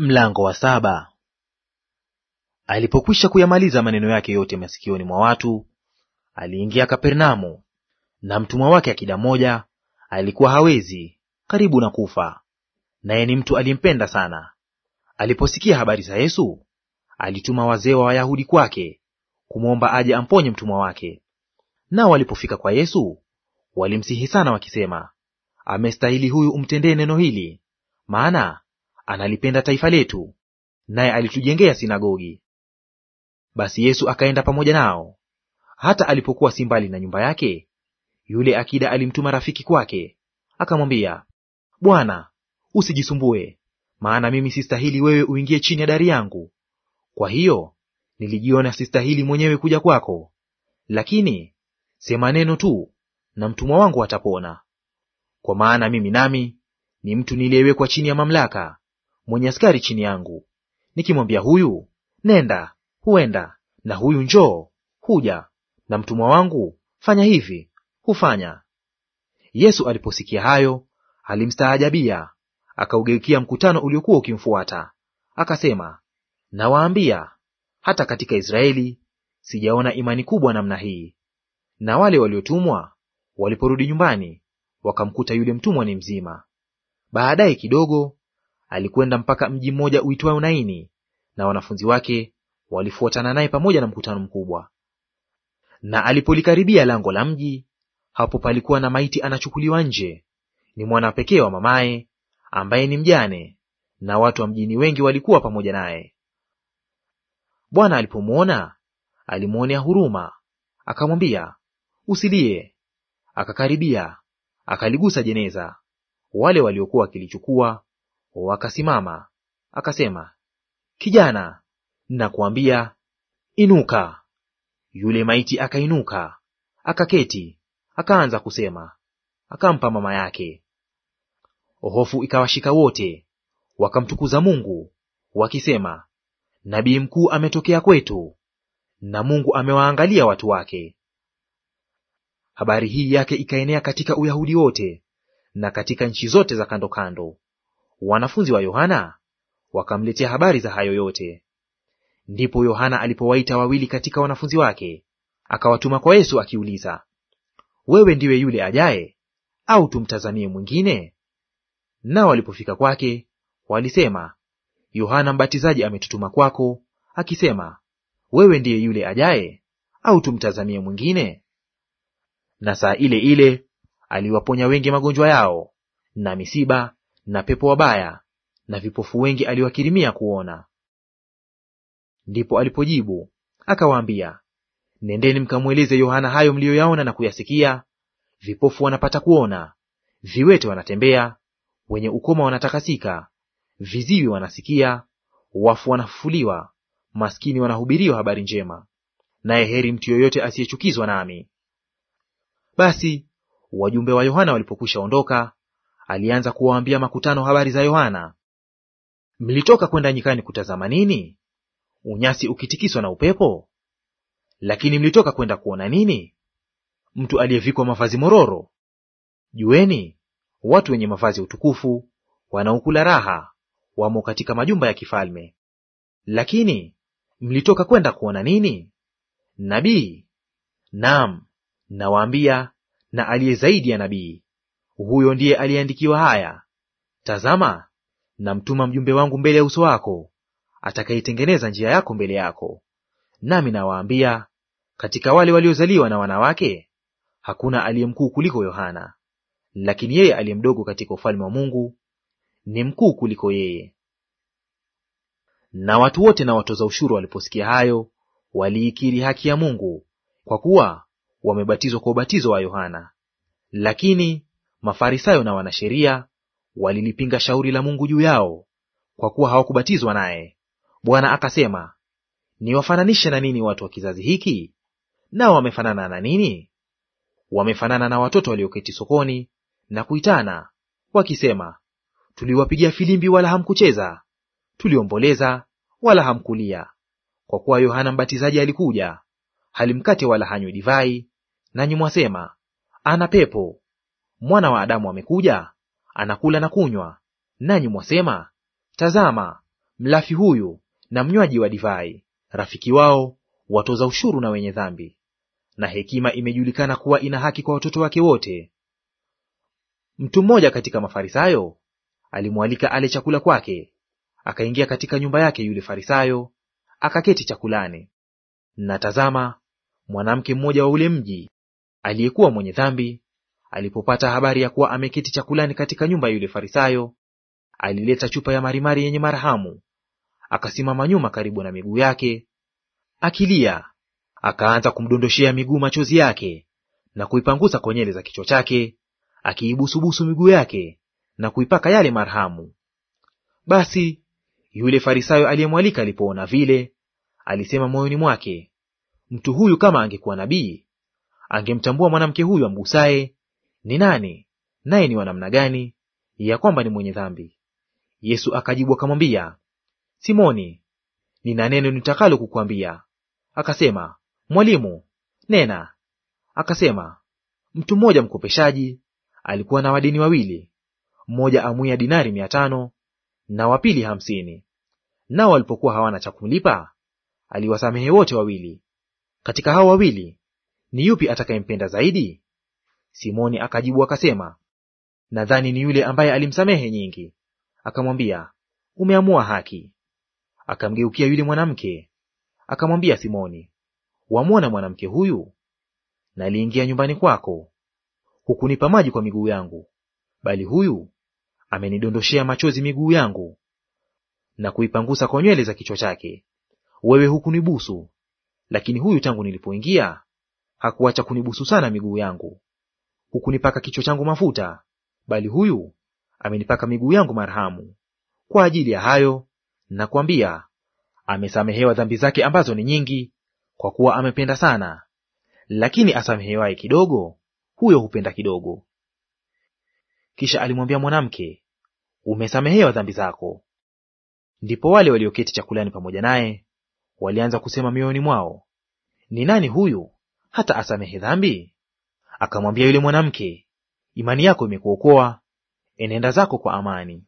Mlango wa saba. Alipokwisha kuyamaliza maneno yake yote masikioni mwa watu, aliingia Kapernaumu, na mtumwa wake akida mmoja alikuwa hawezi, karibu na kufa, naye ni mtu alimpenda sana. Aliposikia habari za Yesu, alituma wazee wa Wayahudi kwake kumwomba aje amponye mtumwa wake. Nao walipofika kwa Yesu, walimsihi sana wakisema, amestahili huyu umtendee neno hili, maana analipenda taifa letu, naye alitujengea sinagogi. Basi Yesu akaenda pamoja nao. Hata alipokuwa si mbali na nyumba yake, yule akida alimtuma rafiki kwake, akamwambia, Bwana, usijisumbue, maana mimi sistahili wewe uingie chini ya dari yangu. Kwa hiyo nilijiona sistahili mwenyewe kuja kwako, lakini sema neno tu, na mtumwa wangu atapona. Kwa maana mimi nami ni mtu niliyewekwa chini ya mamlaka, mwenye askari chini yangu, nikimwambia huyu nenda, huenda, na huyu njoo, huja, na mtumwa wangu fanya hivi, hufanya. Yesu aliposikia hayo, alimstaajabia, akaugeukia mkutano uliokuwa ukimfuata, akasema, nawaambia, hata katika Israeli sijaona imani kubwa namna hii. Na wale waliotumwa waliporudi nyumbani, wakamkuta yule mtumwa ni mzima. Baadaye kidogo alikwenda mpaka mji mmoja uitwao Naini, na wanafunzi wake walifuatana naye pamoja na mkutano mkubwa. Na alipolikaribia lango la mji, hapo palikuwa na maiti anachukuliwa nje, ni mwana pekee wa mamaye, ambaye ni mjane, na watu wa mjini wengi walikuwa pamoja naye. Bwana alipomwona alimwonea huruma, akamwambia, usilie. Akakaribia, akaligusa jeneza, wale waliokuwa wakilichukua Wakasimama. Akasema, kijana, nakuambia inuka. Yule maiti akainuka, akaketi, akaanza kusema. Akampa mama yake. Hofu ikawashika wote, wakamtukuza Mungu wakisema, nabii mkuu ametokea kwetu, na Mungu amewaangalia watu wake. Habari hii yake ikaenea katika Uyahudi wote na katika nchi zote za kando kando. Wanafunzi wa Yohana wakamletea habari za hayo yote. Ndipo Yohana alipowaita wawili katika wanafunzi wake, akawatuma kwa Yesu akiuliza, wewe ndiwe yule ajaye au tumtazamie mwingine? Nao walipofika kwake walisema, Yohana Mbatizaji ametutuma kwako akisema, wewe ndiye yule ajaye au tumtazamie mwingine? Na saa ile ile aliwaponya wengi magonjwa yao na misiba na pepo wabaya na vipofu wengi aliwakirimia kuona. Ndipo alipojibu akawaambia, nendeni mkamweleze Yohana hayo mliyoyaona na kuyasikia: vipofu wanapata kuona, viwete wanatembea, wenye ukoma wanatakasika, viziwi wanasikia, wafu wanafufuliwa, maskini wanahubiriwa habari njema, naye heri mtu yoyote asiyechukizwa nami. Basi wajumbe wa Yohana walipokwisha ondoka, alianza kuwaambia makutano habari za Yohana. Mlitoka kwenda nyikani kutazama nini? Unyasi ukitikiswa na upepo? Lakini mlitoka kwenda kuona nini? Mtu aliyevikwa mavazi mororo? Jueni, watu wenye mavazi ya utukufu wanaokula raha wamo katika majumba ya kifalme. Lakini mlitoka kwenda kuona nini? Nabii? Naam, nawaambia, na aliye zaidi ya nabii huyo ndiye aliyeandikiwa haya: Tazama, namtuma mjumbe wangu mbele ya uso wako, atakayetengeneza njia yako mbele yako. Nami nawaambia, katika wale waliozaliwa na wanawake hakuna aliye mkuu kuliko Yohana, lakini yeye aliye mdogo katika ufalme wa Mungu ni mkuu kuliko yeye. Na watu wote na watoza ushuru waliposikia hayo, waliikiri haki ya Mungu, kwa kuwa wamebatizwa kwa ubatizo wa Yohana. Lakini Mafarisayo na wanasheria walilipinga shauri la Mungu juu yao, kwa kuwa hawakubatizwa naye. Bwana akasema, niwafananishe na nini watu wa kizazi hiki? Nao wamefanana na nini? Wamefanana na watoto walioketi sokoni na kuitana wakisema, tuliwapigia filimbi wala hamkucheza, tuliomboleza wala hamkulia. Kwa kuwa Yohana Mbatizaji alikuja, halimkate wala hanywi divai, nanyi mwasema ana pepo mwana wa Adamu amekuja, anakula na kunywa, nanyi mwasema, tazama, mlafi huyu na mnywaji wa divai, rafiki wao watoza ushuru na wenye dhambi. Na hekima imejulikana kuwa ina haki kwa watoto wake wote. Mtu mmoja katika Mafarisayo alimwalika ale chakula kwake. Akaingia katika nyumba yake yule Farisayo, akaketi chakulani. Na tazama, mwanamke mmoja wa ule mji aliyekuwa mwenye dhambi Alipopata habari ya kuwa ameketi chakulani katika nyumba ya yule Farisayo, alileta chupa ya marimari yenye marhamu, akasimama nyuma karibu na miguu yake, akilia, akaanza kumdondoshea miguu machozi yake, na kuipangusa kwa za kichwa chake, akiibusubusu miguu yake na kuipaka yale marhamu. Basi yule Farisayo aliyemwalika alipoona vile, alisema moyoni mwake, mtu huyu kama angekuwa nabii, angemtambua mwanamke huyu amgusaye ni nani, naye ni wa namna gani, ya kwamba ni mwenye dhambi? Yesu akajibu akamwambia, Simoni, nina neno nitakalo kukuambia. Akasema, Mwalimu, nena. Akasema, mtu mmoja mkopeshaji alikuwa na wadeni wawili, mmoja amwia dinari mia tano na wapili hamsini. Nao walipokuwa hawana cha kumlipa, aliwasamehe wote wawili. Katika hao wawili ni yupi atakayempenda zaidi? Simoni akajibu akasema, nadhani ni yule ambaye alimsamehe nyingi. Akamwambia, umeamua haki. Akamgeukia yule mwanamke akamwambia Simoni, wamwona mwanamke huyu? Naliingia nyumbani kwako, hukunipa maji kwa miguu yangu, bali huyu amenidondoshea machozi miguu yangu na kuipangusa kwa nywele za kichwa chake. Wewe hukunibusu, lakini huyu tangu nilipoingia hakuacha kunibusu sana miguu yangu hukunipaka kichwa changu mafuta, bali huyu amenipaka miguu yangu marhamu. Kwa ajili ya hayo nakwambia, amesamehewa dhambi zake ambazo ni nyingi, kwa kuwa amependa sana. Lakini asamehewaye kidogo, huyo hupenda kidogo. Kisha alimwambia mwanamke, umesamehewa dhambi zako. Ndipo wale walioketi chakulani pamoja naye walianza kusema mioyoni mwao, ni nani huyu hata asamehe dhambi? Akamwambia yule mwanamke, imani yako imekuokoa, enenda zako kwa amani.